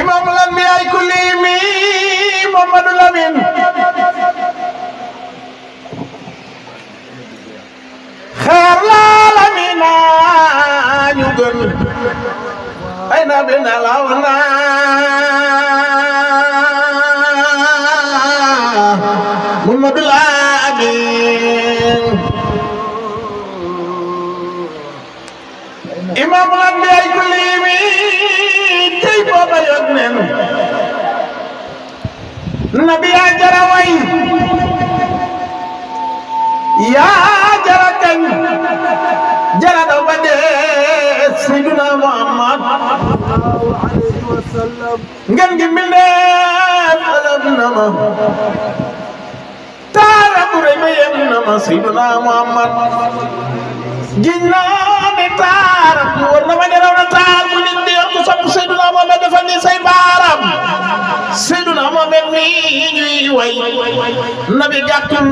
إمام الأنبياء كلهم محمد الأمين خير العالمين يقول أين بنا لونا محمد الأمين إمام الأنبياء كلهم nen nabiya jara way yaa jara kañ jara daw ba dee sayyiduna muhammad ngeen gi mbindeef alam nama taara bu rëy ba yem nama sayyiduna muhammad giñ naa ne taara bu war yi ñuy way nabi gàttul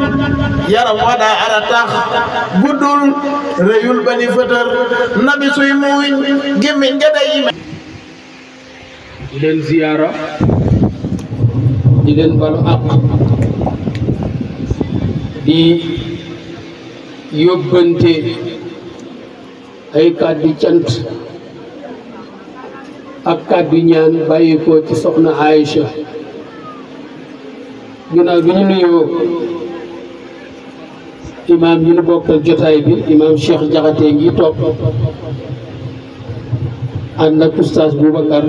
yaram wa daa ara tax ba ni fëtër nabi suy muuñ gémmiñ nga day di leen ziyaara di leen balu àq di yóbbante ay kàddu cant ak kàddu ñaan bàyyi ko ci soxna Aïcha ginnaaw bi ñu nuyoo imaam yi ñu bokkal jotaay bi imaam Cheikh Jaxate ngi toog ànd ak oustaz Boubacar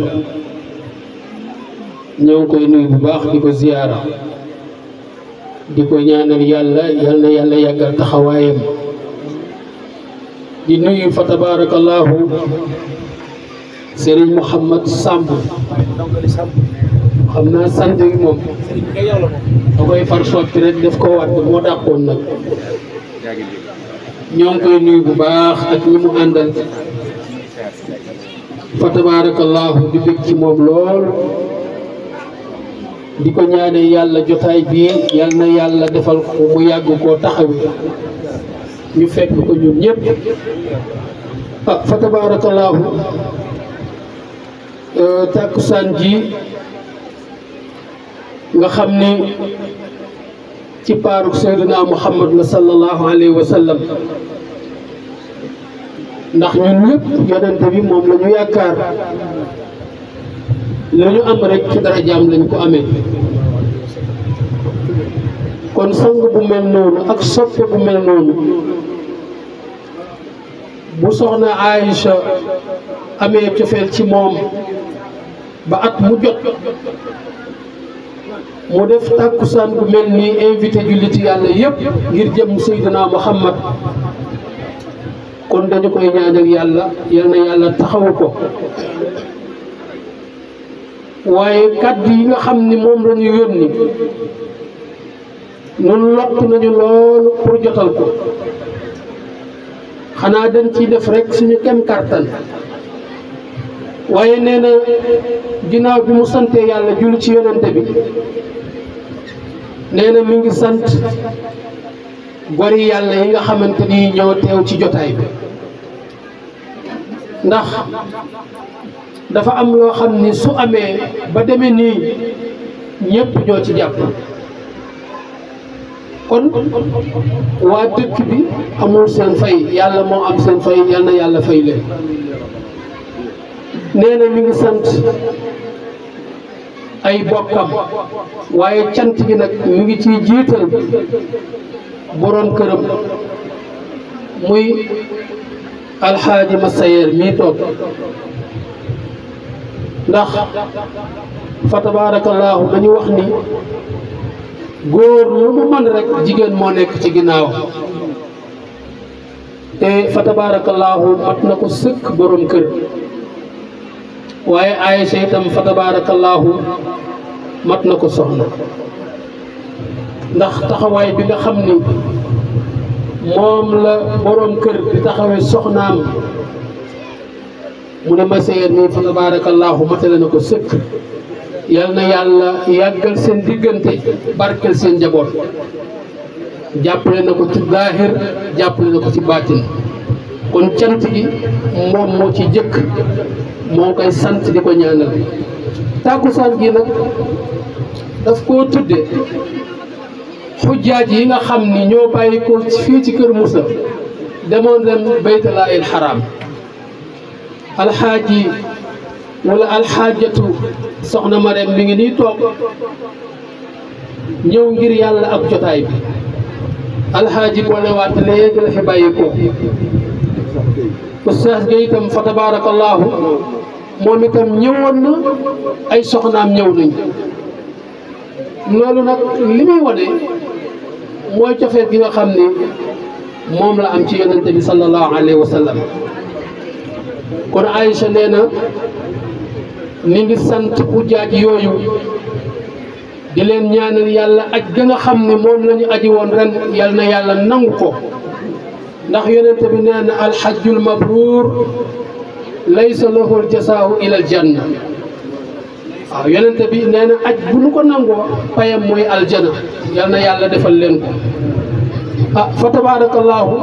ñoo ngi koy nuyu bu baax di ko ziyaara di ko ñaanal yàlla yal yàlla yàggal taxawaayam di nuyu fa tabaarakallaahu Serigne Mouhamad Samb xam naa sant yi moom da koy far soppi rek def ko wadd moo dàqoon nag ñoo koy nuyu bu baax ak ñi mu àndal fa tabarakallahu di bég ci moom lool di ko ñaane yàlla jotaay bii yal na yàlla defal ko mu yàgg koo taxawee ñu fekk ko ñun ñëpp ah fa tabarakallahu euh, takkusaan ji nga xam ni ci paaruk seyduna muhammad la sallallahu alayhi wa ndax ñun ñëpp yonente bi moom la ñu yaakaar la am rek ci darajaam lañ ko amee kon sang bu mel noonu ak soppe bu mel noonu bu soxna Aïcha amee cofeel ci moom ba at mu jot mu def tàkkusaan bu mel nii invité julliti yàlla yëpp ngir jëm Seydina Muhammad kon dañu koy ñaanal yàlla yal na yàlla taxawu ko waaye kàddu yi nga xam ni moom lañuy ñu yónni nun lott nañu loolu pour jotal ko xanaa dem ci def rek suñu kem kàttan waaye nee na ginnaaw bi mu sante yàlla julli ci yonente bi nee na mi ngi sant gori yàlla yi nga xamante ni ñoo teew ci jotaay bi ndax dafa am loo xam ni su amee ba demee nii ñépp ñoo ci jàpp kon waa dëkk bi amul seen fay yàlla moo am seen fay yal yàlla fay leen nee na mi ngi sant ay bokkam waaye cant gi nag mi ngi ciy jiital boroom këram muy alxaaji masayeer mii toog ndax fa tabaarakallaahu dañu wax ni góor lu mu mën rek jigéen moo nekk ci ginnaaw te fa tabaarakallaahu mat na ko sëkk boroom kër waaye Aysa itam fa tabaarakallaahu mat na ko soxna ndax taxawaay bi nga xam ni moom la boroom kër di taxawee soxnaam mu ne ma seet nii fa tabaarakallaahu matale na ko sëkk yal na yàlla yàggal seen diggante barkel seen njaboot jàppale na ko ci zaahir jàppale na ko ci baatin kon cant gi moom moo ci jëkk moo koy sant di ko ñaanal tàkkusaan gi nag daf koo tudde xujjaaj yi nga xam ni ñoo bàyyi ko fii ci kër Moussa demoon dem baytala il xaraam alxaaji wala alxaajatu soxna Marème mi ngi nii toog ñëw ngir yàlla ak jotaay bi alxaaji boolewaat léegi la fi bàyyi ko Oustaz Gueye itam fa tabaarakallaahu moom itam ñëwoon na ay soxnaam ñëw nañ loolu nag li muy wane mooy cofeet gi nga xam ni moom la am ci yonente bi sallallahu alayhi wa kon Aïcha nee na ni ngi sant ujaaj yooyu di leen ñaanal yàlla aj ga nga xam ni moom lañu ñu aji woon ren yàlla na yàlla nangu ko ndax yonent bi nee na alxajjul mabruur laysa lahul jasaahu ilal janna waaw yonent bi nee na aj bu nu ko nangoo payam mooy aljana yal na yàlla defal leen ko ah fa tabaarakallaahu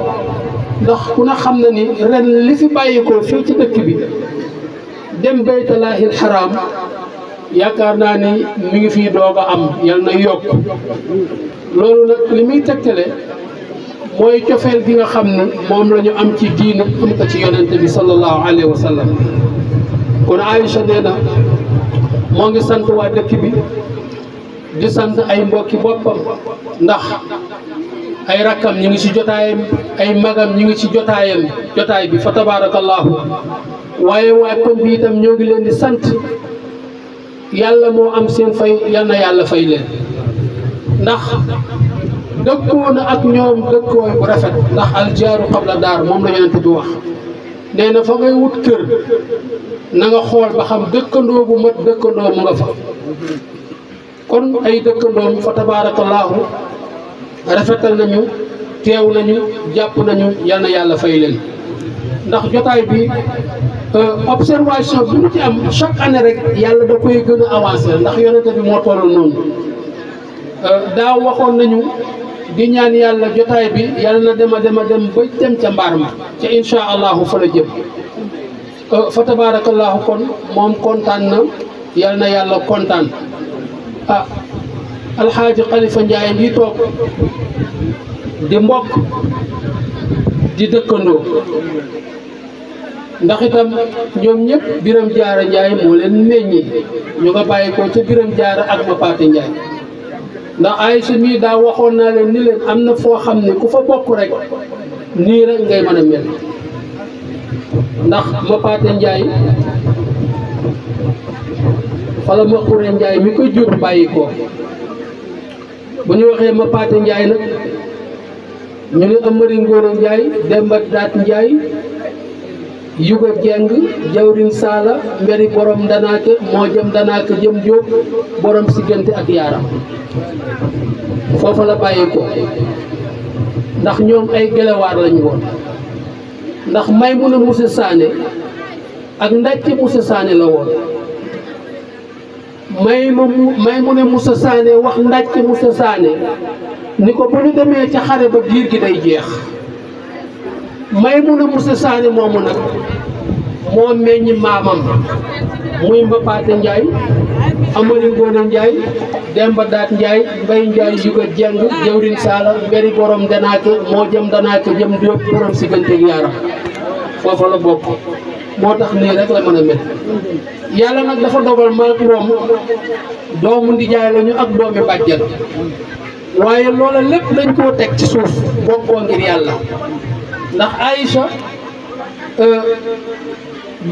ndax ku na xam na ni ren li fi bàyyi ko fii ci dëkk bi dem baytalaahil xaraam yaakaar naa ni mi ngi fii doog a am yal na yokk loolu nag li muy tegtale mooy cofeel bi nga xam ne moom lañu am ci diine am ko ci yonent bi sallallahu alayhi wa sallam kon nee na moo ngi sant waa dëkk bi di sant ay mbokki boppam ndax ay rakkam ñu ngi ci jotaayam ay magam ñu ngi ci jotaayam jotaay bi fa tabaarakallaahu waaye waa koñ bi itam ñoo ngi leen di sant yàlla moo am seen fay yal na yàlla fay leen ndax dëkkoo na ak ñoom dëkkooy bu rafet ndax aljaaru la daar moom la yonent bi wax nee na fa ngay wut kër na nga xool ba xam dëkkandoo bu mat dëkkandoo mu nga fa kon ay dëkkandoom fa tabaarakallaahu rafetal nañu teew nañu jàpp nañu yal yàlla fay leen ndax jotaay bi euh, observation bi mu ci am chaque année rek yàlla da koy gën a avancé ndax yonente bi moo tollu noonu euh, daaw waxoon nañu di ñaan yalla jotaay bi yalla na dema dema dem ba dem ca mbaar ma ca incha allahu fa la jëm fa tabarakallahu kon mom kontan na yalla na yalla kontan ah alxaaji khalifa njaay mi tok di mbokk di dekkando ndax itam ñom ñep biram jaara jaya mo leen meññi ñu nga bayiko ci biram jaara ak ma paate ndax Aysa mii daa waxoon naa leen ni leen am na foo xam ne ku fa bokk rek nii rek ngay mën a mel ndax Mapaate Njaay wala Maxure Njaay mi koy jur bàyyi ko bu ñu waxee Mapaate Njaay nag ñu ne Amari Ngóora Njaay Demba Daat Njaay yuga jeng jawriñ saala mberi borom danaaka moo jëm danaaka jëm jóob borom siggante ak yaaram foofa la bàyyi ko ndax ñoom ay gelewaar lañu woon ndax Maymuna Musa Saane ak ndàcc Musa Saane la woon may mu may mu ne Moussa Sané wax ndàcc Moussa Sané ni ko bu ñu demee ca xare ba giir gi day jeex Maymuna Musa Saane moomu nag moo meññi maamam muy Mbapaate Njaay Amari Ngoone Njaay Demba Daat Njaay Mbay Njaay Yuga Jeng jëwrin Saala mberi borom danaake moo jëm danaake jëm Diop borom si gënteeg yaaram foofa la bokk moo tax nii rek la mën a mel yàlla nag dafa dogal maak moom doomu ndijaay lañu ak doomi bàjjan waaye loola lépp lañ koo teg ci suuf bokkoo ngir yàlla ndax Aïcha euh,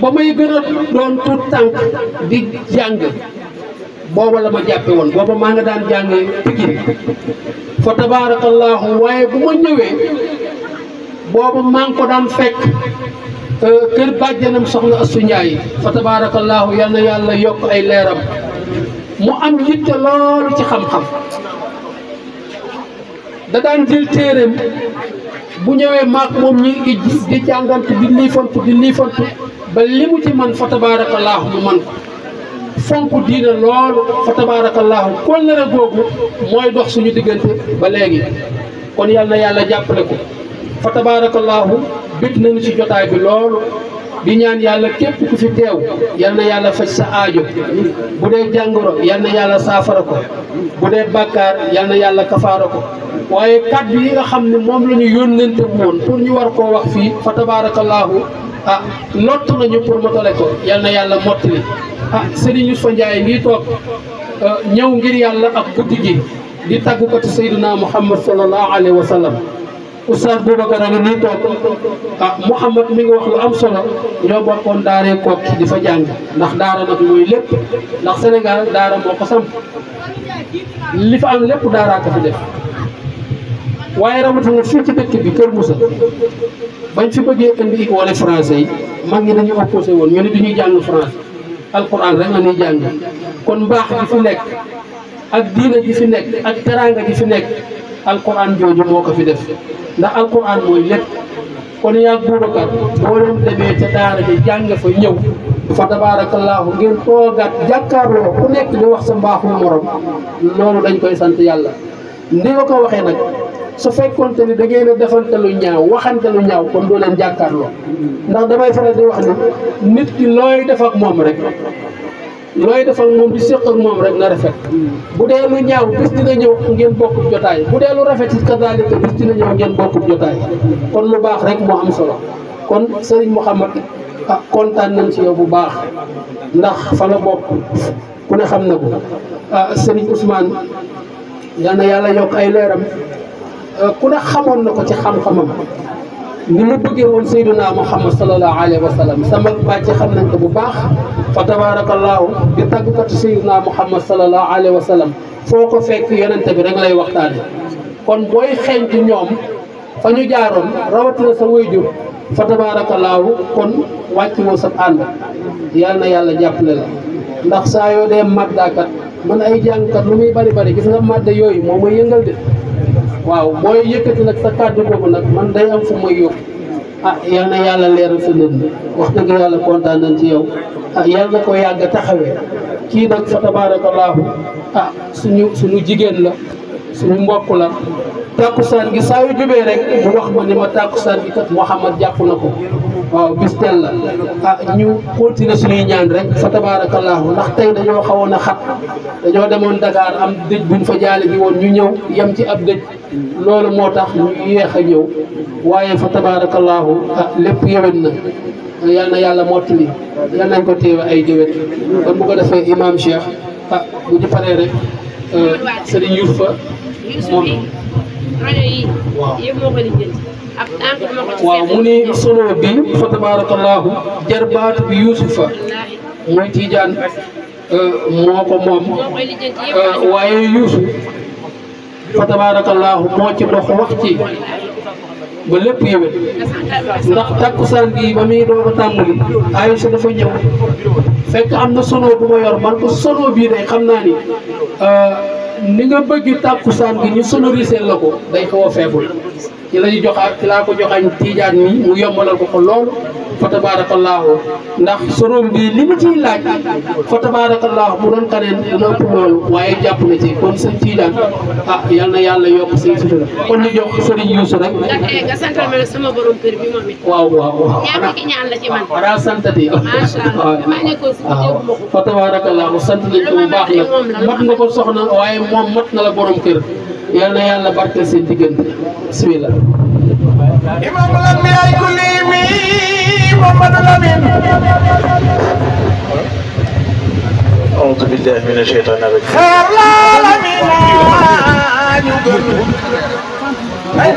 ba may gën a doon tuut tànk di jàng booba la ma jàppe woon booba maa nga daan jàngee Pikine fa tabaarakallaahu waaye bu ma ñëwee booba maa ngi ko daan fekk euh, kër bàjjanam soxna Astu Njaay fa tabaarakallaahu yal yàlla yokk ay leeram mu am yitte loolu ci xam-xam da daan jël téereem bu ñëwee maak moom ñi ngi di jàngante di liifantu di liifantu ba li mu ci man fa tabaarakallaahu mu man ko fonk diina loolu fa tabaarakallaahu kóllëre googu mooy dox suñu diggante ba léegi kon yal na yàlla jàppale ko fa tabaarakallaahu bit nañu ci jotaay bi loolu di ñaan yàlla képp ku fi teew yal yàlla faj sa aajo bu dee jàngoro yal na yàlla saafara ko bu dee bàkkaar yàlla kafaara ko waaye kàddu yi nga xam ne moom lañu ñu yónnante woon pour ñu war koo wax fii fa tabaarakallaahu ah lott nañu pour motale ko yal na yàlla mottali ah Serigne Youssoufa Ndiaye ngi toog ah, ñëw ngir yàlla ak guddi gi di tàggu ko ci Seydina Muhammad sallallahu alayhi wa sallam Oustaz Boubacar a ngi nii toog ah Mouhamad mi ngi wax lu am solo ñoo bokkoon daaree Koki di fa jàng ndax daara nag mooy lépp ndax Sénégal daara moo ko samp li fa am lépp daaraa ko fi def waaye rawatina fii ci dëkk bi Kër Moussa bañ fi bëggee indi ik wala français yi mag ñi dañuy opposé woon ñu ne du ñuy jàng français alquran rek la ñuy jàng kon mbaax gi fi nekk ak diina gi fi nekk ak teraanga gi fi nekk alquran jooju moo ko fi def ndax alquran mooy lépp kon yaa Boubacar boo leen demee ca daara ji jàng fa ñëw fa tabaarakallaahu ngeen toogaat jàkkaarloo ku nekk wax sa mbaaxu morom loolu dañ koy sant yàlla ndi nga ko waxee nag su fekkonte ni da ngeen a defante lu ñaaw waxante lu ñaaw kon doo leen jàkkaarloo ndax damay faral di wax ni nit ki looy def ak moom rek looy defal moom di séq ak moom rek na rafet bu dee lu ñaaw bis dina ñëw ngeen bokkub jotaay bu dee lu rafet it kadaalika bis dina ñëw ngeen bokkub jotaay kon lu baax rek moo am solo kon sëriñ Mouhamad ah kontaan nañ ci yow bu baax ndax fa la bokk ku ne xam na ko ah sëriñ Ousmane yal na yàlla yokk ay leeram ah, ku ne xamoon na ko ci xam-xamam ni mu bëggee woon sayduna muhammad salallahu alayhi wa sallam sama bàcci xam nañ ko bu baax fa tabarakallahu di tàggukatu sayduna muhammad salallahu alayhi wa sallam foo ko fekk yonente bi rek lay waxtaane kon booy xeeñ ci ñoom fa ñu jaaroon rawatina sa wayjur fa tabarakallahu kon wàcc woo sa ànd yal na yàlla jàppale la ndax saa yoo dee maddaakat man ay jàngkat lu muy bari bari gis nga madda yooyu moo may yëngal de waaw booy yëkkati nag sa kàddu boobu nag man day am fu may yóbbu ah yal na yàlla leeral sa leen wax dëgg yàlla kontaan nañ ci yow ah yal na ko yàgg taxawee kii nag fa tabaarakallaahu ah suñu suñu jigéen la suñu mbokk la tàkkusaan gi saa yu jubee rek mu wax ma ni ma tàkkusaan gi kat Mouhamad jàpp na ko waaw bis teel la ah ñu continuer ñuy ñaan rek fa tabaarakallaahu ndax tey dañoo xawoon a xat dañoo demoon Dakar am dëj buñ fa jaale bi woon ñu ñëw yem ci ab dëj loolu moo tax ñu yeex a ñëw waaye fa tabaarakallaahu ah lépp yewén na yal na yàlla mottali yal nañ ko téewe ay déwén kon bu ko defee imam Cheikh ah bu ñu paree rek euh, sëriñ Yuusufa moom rajo yi. waaw yëpp moo ko lijjanti ak encre moo ko ci solo bi fa tabaarakallaahu jarbaatu bi Yuusufa mooy Tiijaan euh, moo ko moom euh, waaye Yuusuf fa tabaarakallaahu moo ci dox wax ci ba lépp yëwén ndax takkusaan gi ba muy doog a tàmbali Aysa dafa ñëw fekk am na sono bu yor man ko sono bii day xam naa ni euh, ni nga bëgg tàkku tàkkusaan gi ñu sonorisé la ko day xaw a feebul ci la ñu joxaat ci laa ko joxañ tiijaan mi mu yombalal ko ko lool fa tabaarakallaahu ndax sorom bi li mu ciy laaj fa tabaarakallaahu mu doon kaneen dina loolu waaye jàpp na ci kon sëñ Tidiane ah yal yàlla yokk say sutura kon ñu jox sëriñ Youssou eh, moom sant nañ ko nga ko soxna waaye moom mat na la borom kër yal yàlla barkeel seen diggante bismillah. imam بالله من الشيطان الرجيم أين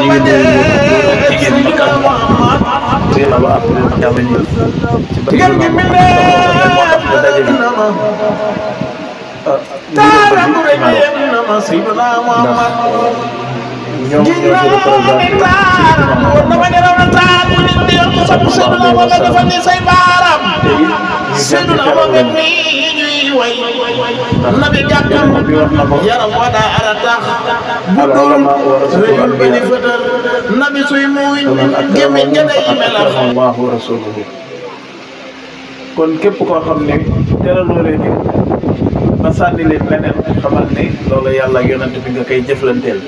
ñu ngi nuyu ñëpp góor ak jigéen mag ak ndaw di leen wax ak di leen ci bët yëpp moo tax ñu daje bi ñoom ñoo jël programme bi ci biir Maroc. ñuy way nabi jàkkam yaram wa daa ara tax bu doon wéyul ba di fëtër nabi suy muuy gémmiñ nga day melax kon képp koo xam ne teraloo leen ni ba sànni leen leneen xamal ne loolu yàlla yonent bi nga koy jëflanteel